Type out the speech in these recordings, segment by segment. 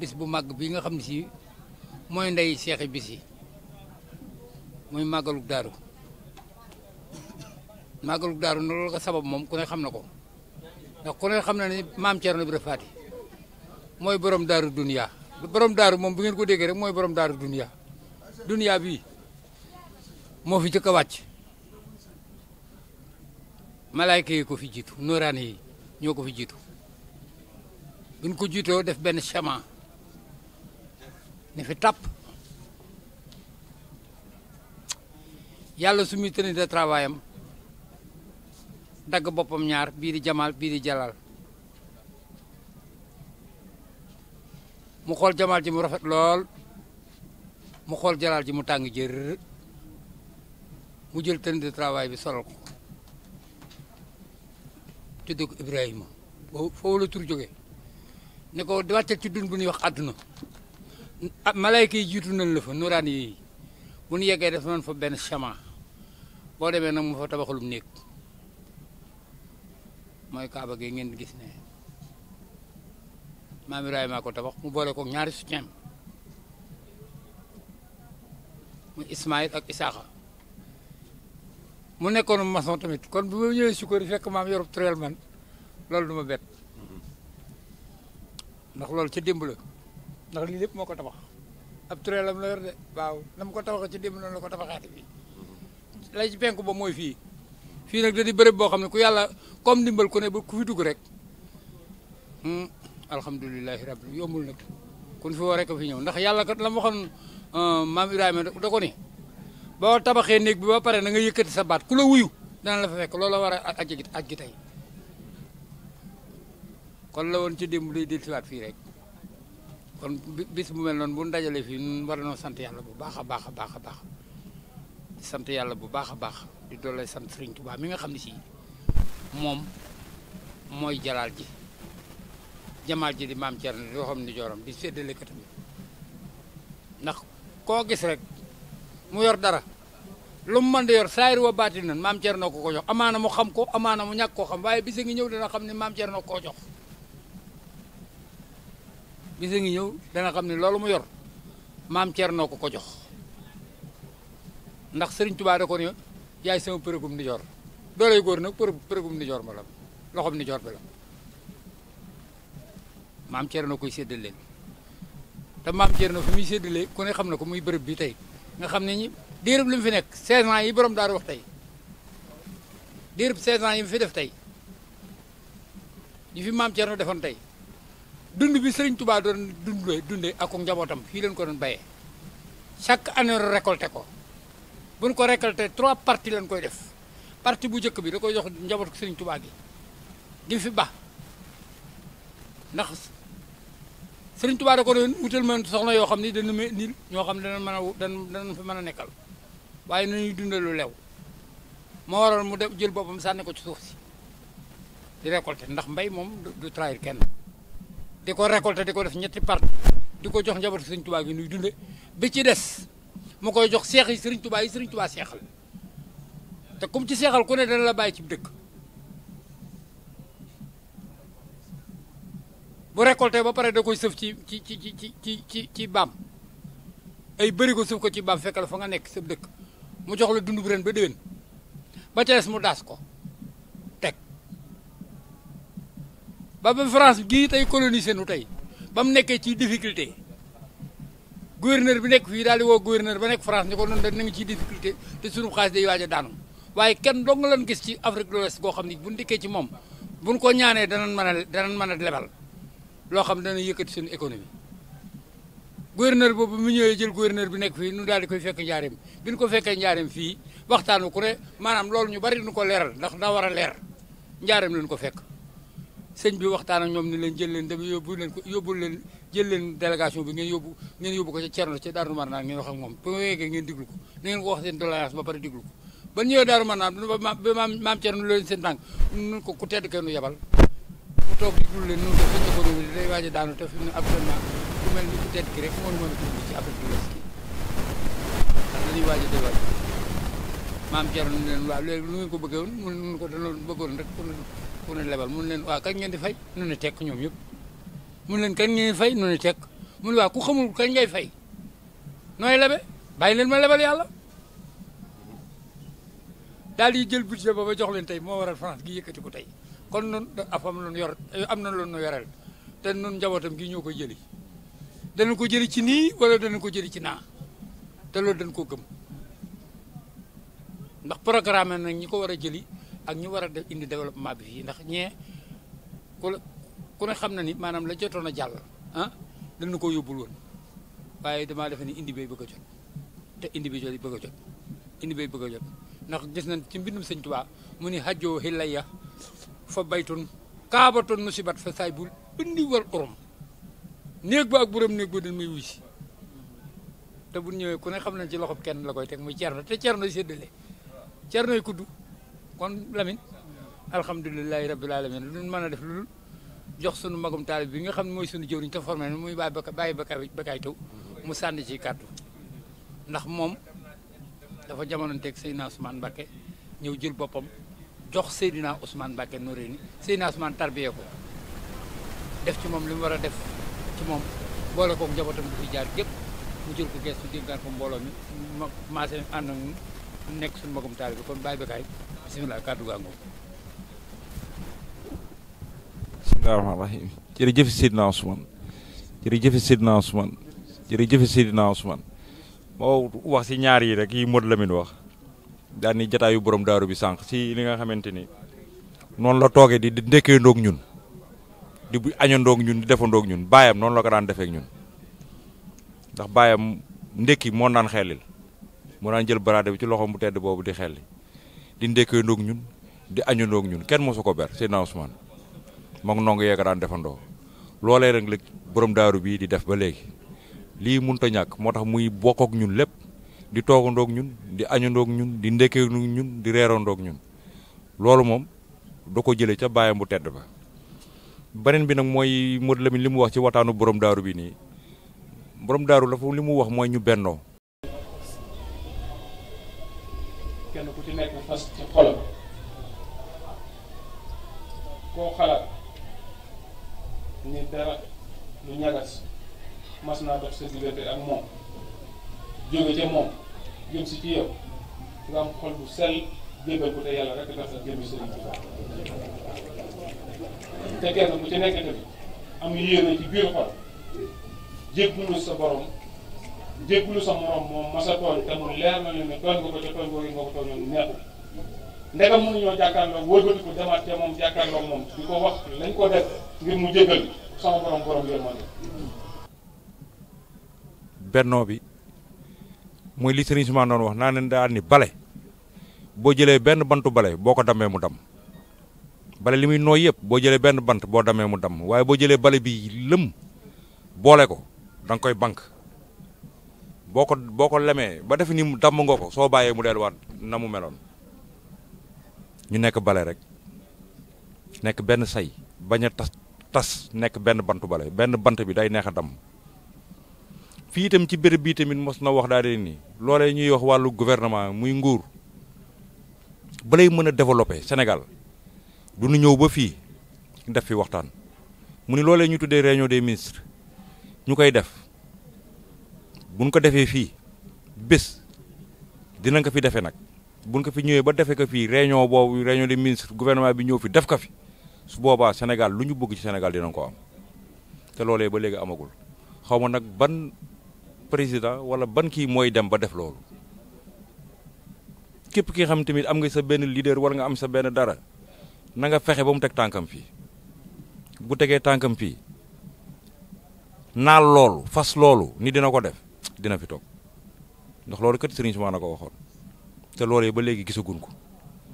bis bu mag bi nga xam ci moy ndey cheikh bi ci moy magaluk daru magaluk daru no la sabab mom ku ne xam na da ku ne xam na ni mam Cerno Ibra Faati moy borom daru dunya borom daru mom bu ngeen ko degge rek moy borom daru dunya dunya bi mo fi jëk wacc malaika yi ko fi jitu nurani yi fi jitu buñ ko def ben chemin ne fi tap yalla sumi tene de travayam dag bopam ñaar di jamal bi di jalal mu xol jamal ji mu rafet lol mu xol jalal ji mu tang jeer mu jël tene de travay bi solo ko tuddu ibrahima fo wala tur joge ne ko wàccel ci dun bu ni wax aduna ah malayka yi jiitu nañ la fa nuraan yi bu ñu yeggee def nañ fa benn chemin boo demee nag mu fa tabaxalum néeg mooy Kaaba gi ngeen gis ne maam Ibrahima maa ko tabax mu boole ko ñaari soutien mu Ismaïl ak Isaaxa mu nekkoon maçon tamit kon bu ma ñëwee Sukkari fekk maam Yorob Turel man loolu du ma bett mm-hmm. ndax loolu ci démb ndax lii lépp moo ko tabax ab tureelam la yor de waaw na ko tabaxee ci démb noonu la ko tabaxaati fii mhm. lay ci penku ba mooy fii fii nag da di bërëb boo xam ne ku yàlla comme ndimbal ku ne ku fi dugg rek hmm, alhamdulilahi rabbi yombul nag kun fi waree rek fi ñëw ndax yàlla kat la ma waxoon euh, maam Ibrahima da ko ni boo tabaxee néeg bi ba pare na nga yëkkati sa baat ku la wuyu dana la fa fekk loola war a aj gi aj gi tey kon la woon ci démb day dellusiwaat fii rek kon bis bu mel non bu ndajale fi nun war no sante yalla bu baakha baakha baakha a baax a baax di sant yàlla bu baakha baax di doole sante serigne touba mi nga xamni ci si moy jalal ji jamal ji di mam Thierno yoo xam ne di séddale katam nak ko gis rek mu yor dara lu mu mën di yor sayr wa baati mam maam ko ko jox amana mu xam ko amana mu ñak ko xam waye dina xam jox bisa ngi ñëw dana xam ne loolu mu yor maam noo ko ko jox ndax sëriñ Touba da ko ne yaay sama përëgum ni jor dooley góor nag për përëgum ni jor ma la loxom ni jor bi la maam Thierno koy séddale leen te maam Thierno fi muy séddale ku ne xam na ko muy bërëb bii tey nga xam ne ñi diirub li mu fi nekk 16 ans yi borom daara wax tey diirub 16 ans yi mu fi def tey yi fi maam Thierno defoon tey dund bi Serigne Touba doon dundee dundee ak njabootam fii leen ko doon bayee chaque année récolté ko bu ñu ko récolté trois parties lañ koy def partie bu njëkk bi da koy jox njabootu Serigne tubaa gi di fi ba ndax Serigne Touba da ko doon utal man soxna yoo xam ni dañu mel ni ñoo xam ne dana mën a dana fi mën a nekkal waaye nañuy dundee lu lew moo waral mu def jël boppam sànne ko ci suuf si di récolté ndax mbay moom du trahir kenn. di ko récolter di ko def ñetti parti di ko jox njabootu sëriñ Tuubaa gi nuy dunde bi ci des mu koy jox seex yi sëriñ Tuubaa yi sëriñ Tuubaa seexal te comme ci seexal ku ne dana la bàyyi ci dëkk bu récolté ba pare da koy sëf ci ci ci ci ci ci ci baam ay bëri ko sëf ko ci baam fekk la fa nga nekk sa dëkk mu jox la dund bu ren ba déwén ba ca des mu daas ko ba ba France gii tey colonisé nu tey ba mu nekkee ci difficulté gouverneur bi nekk fii daal di woo gouverneur ba nekk France ni ko noonu da na nga ciy difficulté te sunu xaalis day waaj a daanu waaye kenn dong lan gis ci Afrique de l'Ouest goo xam ni buñ dikkee ci moom buñ ko ñaanee danañ mën a danañ mën a lebal loo xam dana yëkkati suñu économie gouverneur boobu mu ñëwee jël gouverneur bu nekk fii nu daal di koy fekk njaareem bi ñu ko fekkee njaareem fii waxtaanu ku ne maanaam loolu ñu bari ñu ko leeral ndax daa war a leer njaareem lañu ko fekk sëñ bi waxtaan ak ñoom ni leen jël leen dem yóbbu leen ko yóbbu leen jël leen délégation bi ngeen yóbbu ngeen yóbbu ko ca Cerno ca Daaru Marnaan ngeen wax moom bu yeggee ngeen diglu ko na ngeen ko wax seen doléance ba pare diglu ko ba ñëwee Daaru Marnaan ba maam maam seen tànk nun ko ku tedd kenn nu yebal mu toog diglu leen nunu ko sëñ ko doon a daanu te fi mu actuellement ku mel ki rek moonu mën a dugg ci affaire bi ki ndax leen waaw ko bëggee woon mun ko danoon bëggoon rek ku ne lebal mun leen waa kañ ngeen di fay nu ne tekk ñoom yëpp mun leen kañ ngeen di fay nu ne tekk mun waa ku xamul kañ ngay fay nooy lebe bàyyi leen ma lebal yàlla daal di jël budget ba ba jox leen tey moo waral France gi yëkkati ko tey kon noonu af am loonu yor am na loonu yoreel te noonu njabootam gi ñoo ko jëli dana ko jëli ci nii wala dana ko jëli ci naa te loolu dañ ko gëm ndax programme nañ ñi ko war a jëli ak ñu war a indi développement bi fii ndax ñee ku ku ne xam na ni maanaam la jotoon a jàll ah dañu ko yóbbul woon waaye dama defe ni indi bay bëgg a jot te indi bi jot bëgg a jot indi bay bëgg a jot ndax gis nañ ci mbindum sëñ Tuubaa mu ni hajjoo hilaya fa baytun kaabatun musibat fa saay bul indi wal urum néeg ba ak buram néeg ba dañ may wuy si te bu ñëwee ku ne xam nañ ci loxob kenn la koy teg muy cerno te cerno séddale cernoy kudd kon lamin alhamdullilah rabbil alamin luñ mëna def lu jox suñu magum talib bi nga xamni moy suñu jëwriñ formé muy baye baka baye baka bakay taw mu sànni ci kaddu ndax mom dafa ak Seydina usman bakay ñew jël bopam jox Seydina usman bakay no reeni usman ko def ci mom limu wara def ci moom boole koog jabotam bu fi jaar gep mu jël ko gestu ko mbolo mi ma sé nekk suñu magum taal bi kon bàyyi bekaay bisimilah kàddu gaa ngoom bisimilah rahmaani rahim jërëjëf Seydina moo wax si ñaar yi rek yi Modou Lamine wax daan ni jataayu borom daaru bi sànq si li nga xamante ni noonu la toogee di di ndoog ñun di bu añandoog ñun di defandoog ñun baayam noonu la ko daan defeek ñun ndax baayam ndekki moo naan xelil moo daan jël baraade bi ci loxo mu tedd boobu di xelli di ndekkee ndoog ñun di añu ñun kenn mosu ko ber Seydina Ousmane moom nongu yeeg daan defandoo loolee rek la borom bii di def ba léegi lii mënut a ñàkk moo tax muy bokkook ñun lépp di toogandoo ñun di añandoo ak ñun di ndekkee ñun di reerandoo ak ñun loolu moom doo ko jële ca bàyyam bu tedd ba. beneen bi nag mooy Modou Lamine li mu wax ci waxtaanu borom daaru bi nii borom daaru la fa li mu wax mooy ñu bennoo. koo xalaat ni dara lu ñagas mas naa dox sa diggante ak moom jóge ca moom jëm si ci yow nga am xol bu sell jébbal ko te yàlla rek tax ak jëmmi te kenn ku ci nekk tamit am yéene ci biir xol jéggulu sa borom jéggulu sa morom moom masa tooñ te mu leer na leen ne tooñ ko te tooñ boobu nga ko tooñoon neexul ndegam mënuñoo jàkkaarloo wëlbatiku demaat bi mooy li Serigne Souman doon wax naa ne daal ni bale boo jëlee benn bantu bale boo ko damee mu dam bale li muy nooy yëpp boo jëlee benn bant boo damee mu dam waaye boo jëlee bale bi lëm boole ko da koy bank boo ko boo ko lemee ba def ni mu damm nga ko soo bàyyee mu delluwaat na mu meloon ñu nekk bale rek nekk benn say baña tas tas nekk benn bantu bale benn bantu bi day neex dam fi itam ci béréb bi tamit mos na wax daal ni lolé ñuy wax walu gouvernement muy nguur balay mëna développer Sénégal du ñu ñëw ba fi def fi waxtaan mu ni lolé ñu tuddé réunion des ministres ñukay def buñ ko défé fi bés dinañ ko fi défé nak buñ ko fi ñëwee ba defee ko fii réunion boobu réunion de ministres gouvernement bi ñëw fi def ko fi su boobaa Sénégal lu ñu bëgg ci Sénégal dinañ ko am te loolee ba léegi amagul xaw ma nag ban président wala ban kii mooy dem ba def loolu képp ki nga xam tamit am nga sa benn leader wala nga am sa benn dara na nga fexe ba mu teg tànkam fii bu tegee tànkam fii naal loolu fas loolu ni dina ko def dina fi toog ndax loolu kat Serigne Soumané na ko waxoon. te lool yi ba léegi gisaguñ ko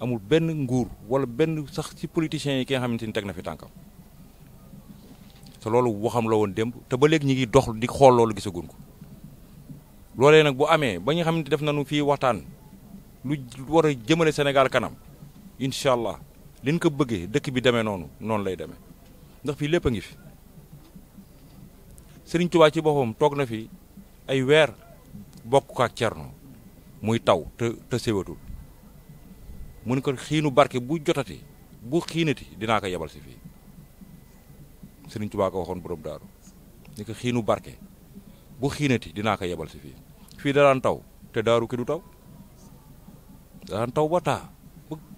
amul benn nguur wala benn sax ci politiciens yi ki nga xamante ni teg na fi tànkam te loolu waxam la woon démb te ba léegi ñu ngi dox di xool loolu gisaguñ ko loolee nag bu amee ba ñu xamante def nañu fii waxtaan lu war a jëmale Sénégal kanam incha allah liñ ko bëggee dëkk bi demee noonu noonu lay deme ndax fii lépp a ngi fi Serigne Touba ci boppam toog na fi ay weer bokk ak cer Cerno muy taw te te séwatul mu ne ko xiinu barke bu jotati bu xiinati dinaa ko yebal si fii Sëriñ Tuubaa waxoon borom daaru ni ko xiinu barke bu xiinati dinaa ko yebal si fii fii da daan taw te daaru ki du taw da daan taw ba taa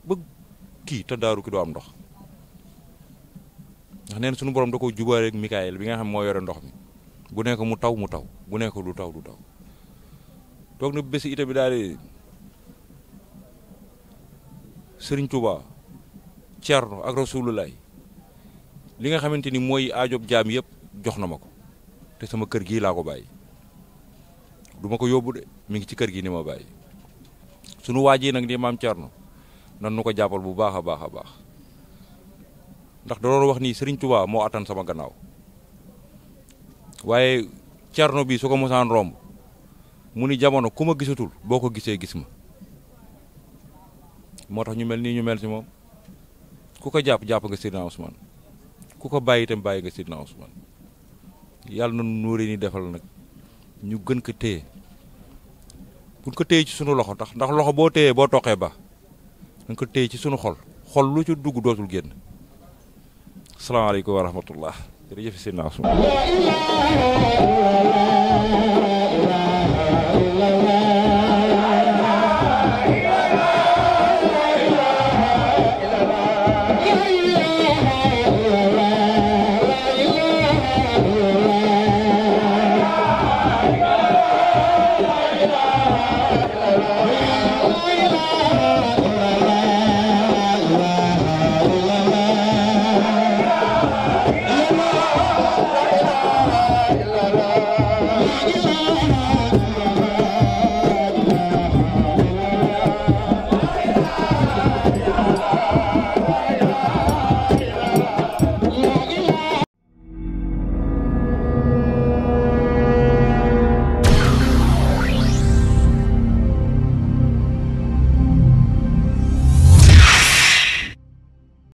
ba kii te daaru ki du am ndox ndax neen sunu borom da ko jubaale ak Mikaayel bi nga xam moo yore ndox mi bu nekk mu taw mu taw bu nekk du taw du taw toog na bés ite bi daal di Serigne Touba Thierno ak Rasoululaay li nga xamante ni mooy aajob jaam yëpp jox na ma ko te sama kër gii laa ko bàyyi duma ko yóbbu de mi ngi ci kër gi ni ma bàyyi sunu waa ji nag di maam Thierno nan nu ko jàppal bu baax a baax a baax ndax da doon wax ni Serigne Touba moo attan sama gannaaw waaye Thierno bi su ko mosaan romb. muni jamono kuma gisutul gisatul boo gisee gis ma motax ñu mel nii ñu mel ci mom ku ko japp jàpp nga Seydina usman ku ko bàyyi itam bàyyi nga Seydina usman yalla na nuuree ni defal nak ñu gën ko bu ko ci suñu loxo tax ndax loxo bo bo ba nga ko téye ci suñu xol xol lu ci dugg dootul assalamu alaykum wa rahmatullah kasih Seydina